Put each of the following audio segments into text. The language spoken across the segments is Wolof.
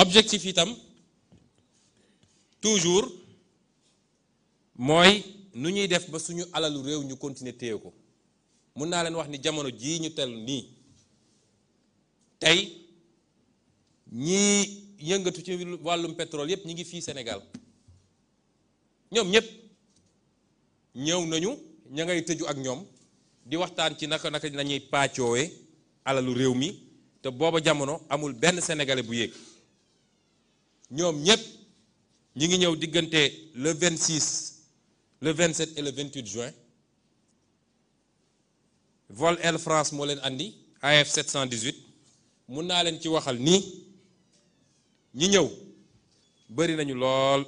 objectif itam toujours mooy nu ñuy def ba suñu alalu réew ñu continuer téye ko mun naa leen wax ni jamono jii ñu tel nii tey ñii yëngatu ci wàllum pétrole yépp ñi ngi fii senegal ñoom ñépp ñëw nañu ña ngay tëju ak ñoom di waxtaan ci naka naka nañuy pàccoowee alalu réew mi te booba jamono amul benn sénégalais bu yéeg ñoom ñëpp ñi ngi ñëw diggante le 26 le 27 et le 28 juin vol Air France moo leen andi AF 718 mun naa leen ci waxal nii ñi ñëw bëri nañu lool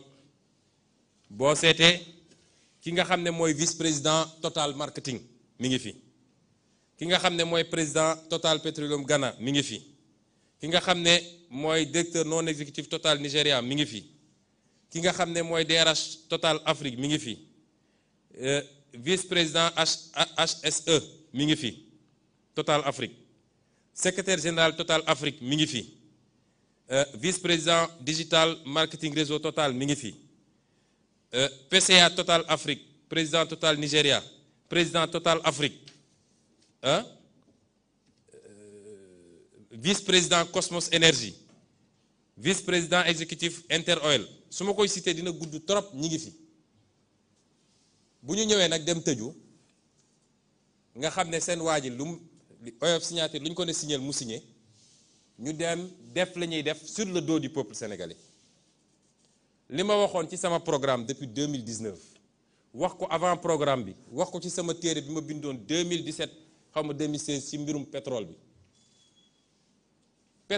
boo seetee ki nga xam ne mooy vice président Total marketing mi ngi fi ki nga xam ne mooy président Total Petroleum Ghana mi ngi fi ki nga xam ne. mooy directeur non exécutif Total Nigéria mi ngi fi ki nga xam ne mooy DRH Total Afrique mi ngi fi euh, vice président HSE mi ngi fi Total Afrique secretaire général Total Afrique mi ngi fi euh, vice président digital marketing réseau Total mi ngi fi euh, PCA Total Afrique président Total Nigéria président Total Afrique ah vice président Cosmos Énergie vice président exécutif Inter Oil su ma koy cité dina gudd trop ñi ngi fi bu ñu ñëwee nag dem tëju nga xam ne seen waa lu mu oyof signature lu ñu ko ne signé mu signé ñu dem def la ñuy def sur le dos du peuple sénégalais li ma waxoon ci sama programme depuis 2019 wax ko avant programme bi wax ko ci sama téere bi ma bindoon 2017 xaw ma 2016 ci mbirum pétrole bi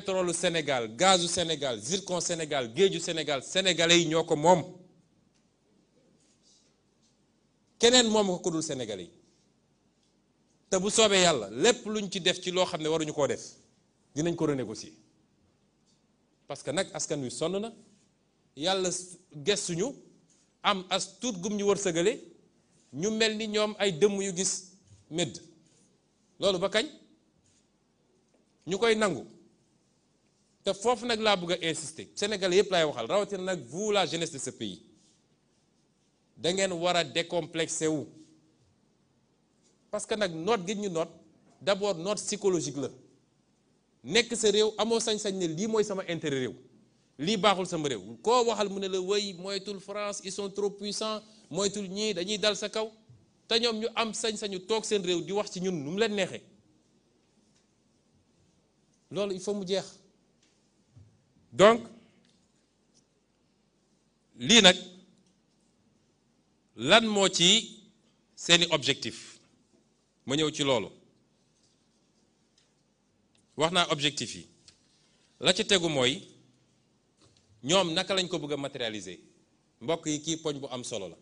pétrole Sénégal gazu Sénégal zircon Sénégal géeju Sénégal sénégalais yi ñoo ko moom keneen moom ko ko dul yi te bu soobee yàlla lépp lu luñ ci def ci loo xam ne waruñu koo def dinañ ko renégocier parce que nag askan wi sonn na yàlla gestuñu am as tuut gum ñu wërsëgale ñu mel ni ñoom ay dëmm yu gis médd loolu ba kañ ñu koy nangu te foofu nag laa bëgg a insister sénégalais yëpp laay waxal rawatina nag vous la jeunesse de ce pays da ngeen war a décomplexé wu parce que nag noot gi ñu noot d'abord noot psychologique la nekk sa réew amoo sañ-sañ ne lii mooy sama intére réew lii baaxul sama réew koo waxal mu ne la wéy moytul France ils trop trop puissants moytul ñii dañuy dal sa kaw te ñoom ñu am sañ-sañu toog seen réew di wax ci ñun nu mu leen neexee loolu il faut mu jeex. donc lii nag lan moo ci seeni objectif ma ñëw ci loolu wax naa objectif yi la ci tegu mooy ñoom naka lañ ko bëgg a matérialiser mbokk yi kii poñ bu am solo la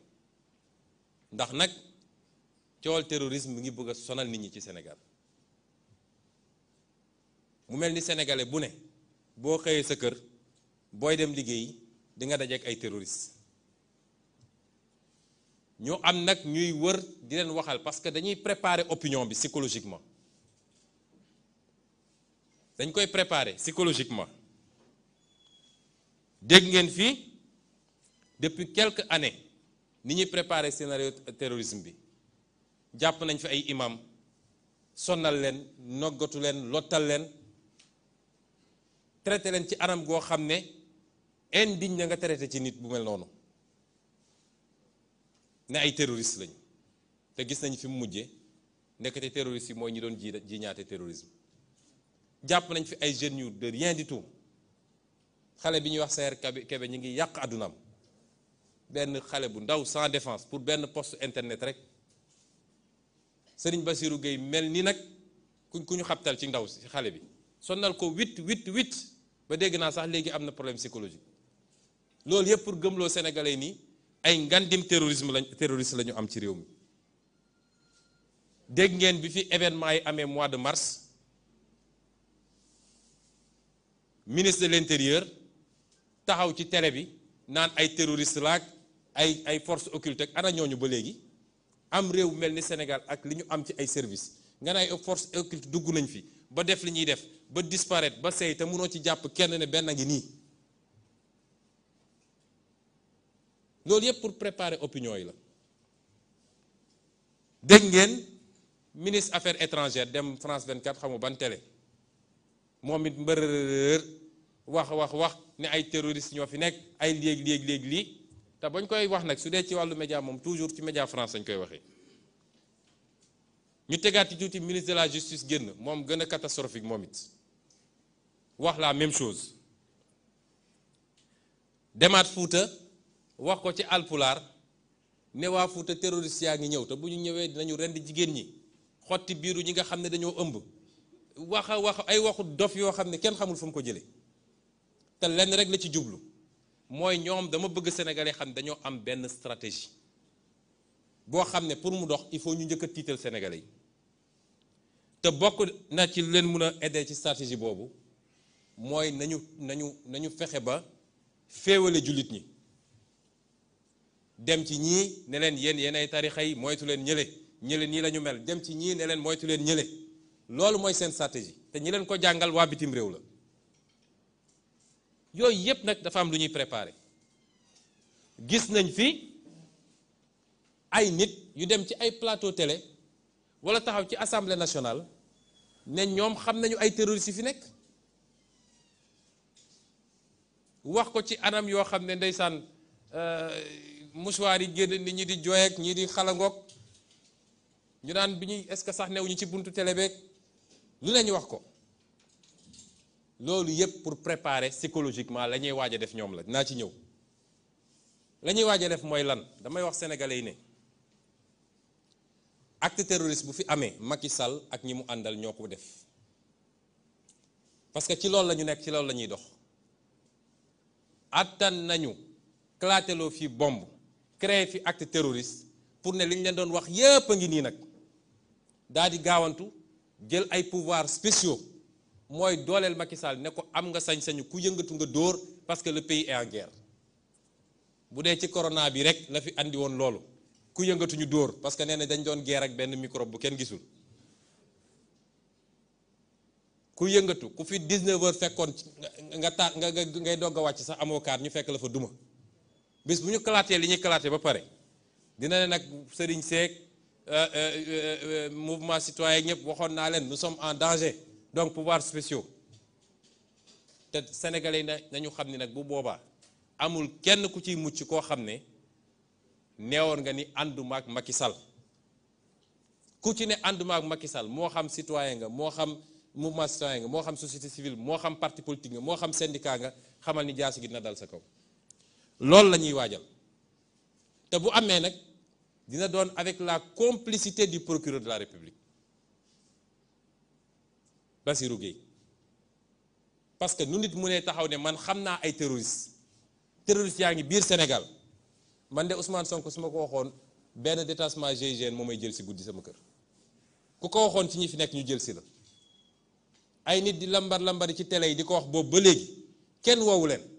ndax nag coowal terrorisme bi ngi bëgg a sonal nit ñi ci Sénégal mu mel ni sénégalais bu ne boo xëyee sa kër booy dem liggéey di nga dajeek ay terroriste ñoo am nag ñuy wër di leen waxal parce que dañuy préparer opinion bi psychologiquement dañ koy préparer psychologiquement dégg ngeen fii depuis quelques année ni ñuy préparer scénario terrorisme bi jàpp nañ fi ay imam sonnal leen noggatu leen lottal leen traité leen ci anam goo xam ne indigne na nga traité ci nit bu mel noonu ne ay terroriste lañu te gis nañ fi mu mujje nekkate terroriste yi mooy ñi doon ji ji ñaate terrorisme jàpp nañ fi ay jeunes yu de rien di tout xale bi ñuy wax Saer kebe ñu ngi yàq àddunaam benn xale bu ndaw sans défense pour benn poste internet rek Serigne Bassirou Gueye mel ni nag kuñ ku ñu xabtal ci ndaw si xale bi sonnal ko huit huit huit ba dégg naa sax léegi am na problème psychologique loolu yëpp pour gëmloo sénégalais nii ay ngandim terrorisme lañ terroriste la am ci réew mi dégg ngeen bi fi événement yi amee mois de mars ministre de l'intérieur taxaw ci télé bi naan ay terroriste laak ay ay force occulte ak ana ñooñu ba léegi am réew mel ni Sénégal ak li ñu am ci ay service nga ne ay force occulte dugg nañ fi ba def li ñuy def ba disparaître ba sey te mënoo ci jàpp kenn ne benn ngi nii loolu yëpp pour préparer opinion yi la dégg ngeen ministre affaires étrangères dem France 24 xamu ban télé moom it mbërër wax wax wax ne ay terroristes ñoo fi nekk ay léeg léeg léeg lii te bañ koy wax nag su dee ci wàllu média moom toujours ci média France lañ koy waxee ñu tegaat ci tuuti ministre de la justice génn moom gën a catastrophique moom it wax laa même chose demaat Fuuta wax ko ci alpulaar ne waa Fuuta terroriste yaa ngi ñëw te bu ñu ñëwee dinañu rend jigéen ñi xotti biiru ñi nga xam ne dañoo ëmb wax wax ay waxu dof yoo xam ne kenn xamul fu mu ko jëlee te lenn rek la ci jublu mooy ñoom dama bëgg sénégalais xam ne dañoo am benn stratégie boo xam ne pour mu dox il faut ñu njëkk a tiital Sénégalais yi te bokk na ci leen mun a aider ci stratégie boobu mooy nañu nañu nañu fexe ba féewale jullit ñi dem ci ñii ne leen yéen yéen ay tarixa yi moytu leen ñële ñële nii la ñu mel dem ci ñii ne leen mooy moytu leen ñële loolu mooy seen stratégie te ñi leen ko jàngal waa bitim réew la yooyu yépp nag dafa am lu ñuy préparer gis nañ fi ay nit yu dem ci ay plateau télé wala taxaw ci assemblée nationale ne ñoom xam nañu ay terroristes yi fi nekk wax ko ci anam yoo xam ne ndeysaan euh, mouchoir yi génn nit ñi di jooyeeg ñi di xalangoog ñu naan bi ñuy est-ce que sax ci buntu télé beeg lu ne ñu wax ko loolu yëpp pour préparer psychologiquement la ñuy waaj def ñoom la naa ci ñëw la ñuy waaj a def mooy lan damay wax sénégalais yi ne. acte terroriste bu fi amee Macky ak ñi mu àndal ñoo ko def parce que ci loolu lañu nekk ci loolu lañuy dox àttan nañu kalaateloo fii bomb créé fi acte terroriste pour ne li ñu leen doon wax yépp a ngi nii nag daal di gaawantu jël ay pouvoirs spéciaux mooy dooleel Macky ne ko am nga sañ-sañu ku yëngatu nga dóor parce que le pays est en bu dee ci corona bi rek la fi andi woon loolu ku yëngatu ñu dóor parce que nee na dañ doon guerre ak benn microbe bu kenn gisul ku yëngatu ku fi 19 heures fekkoon nga taat nga ngay dogg a wàcc sax amoo kaar ñu fekk la fa duma bis bu ñu kalaatee li ñuy kalaatee ba pare dina ne nag sëriñ Seck euh, euh, euh, mouvement citoyen ñëpp waxoon naa leen nous sommes en danger donc pouvoirs spéciaux te sénégalais yi nañu xam ni nag bu boobaa amul kenn ku ciy mucc koo xam ne neewoon nga ni ànduma ak Macky Sall ku ci ne ànduma ak moo xam citoyen nga moo xam mouvement citoyen nga moo xam société civile moo xam parti politique nga moo xam syndicat nga xamal ni jaasi gi dina dal sa kaw loolu la ñuy waajal te bu amee nag dina doon avec la complicité du procureur de la République Bassirou Gueye parce que nu nit mu ne taxaw ne man xam naa ay terroristes terroristes yaa ngi biir Sénégal man de Ousmane Sonko su ma ko waxoon benn détachement GIGN moo may jël si guddi sama kër ku ko waxoon ci ñi fi nekk ñu jël si la ay nit di lambar lambari ci tele yi di ko wax boobu ba léegi kenn woowu leen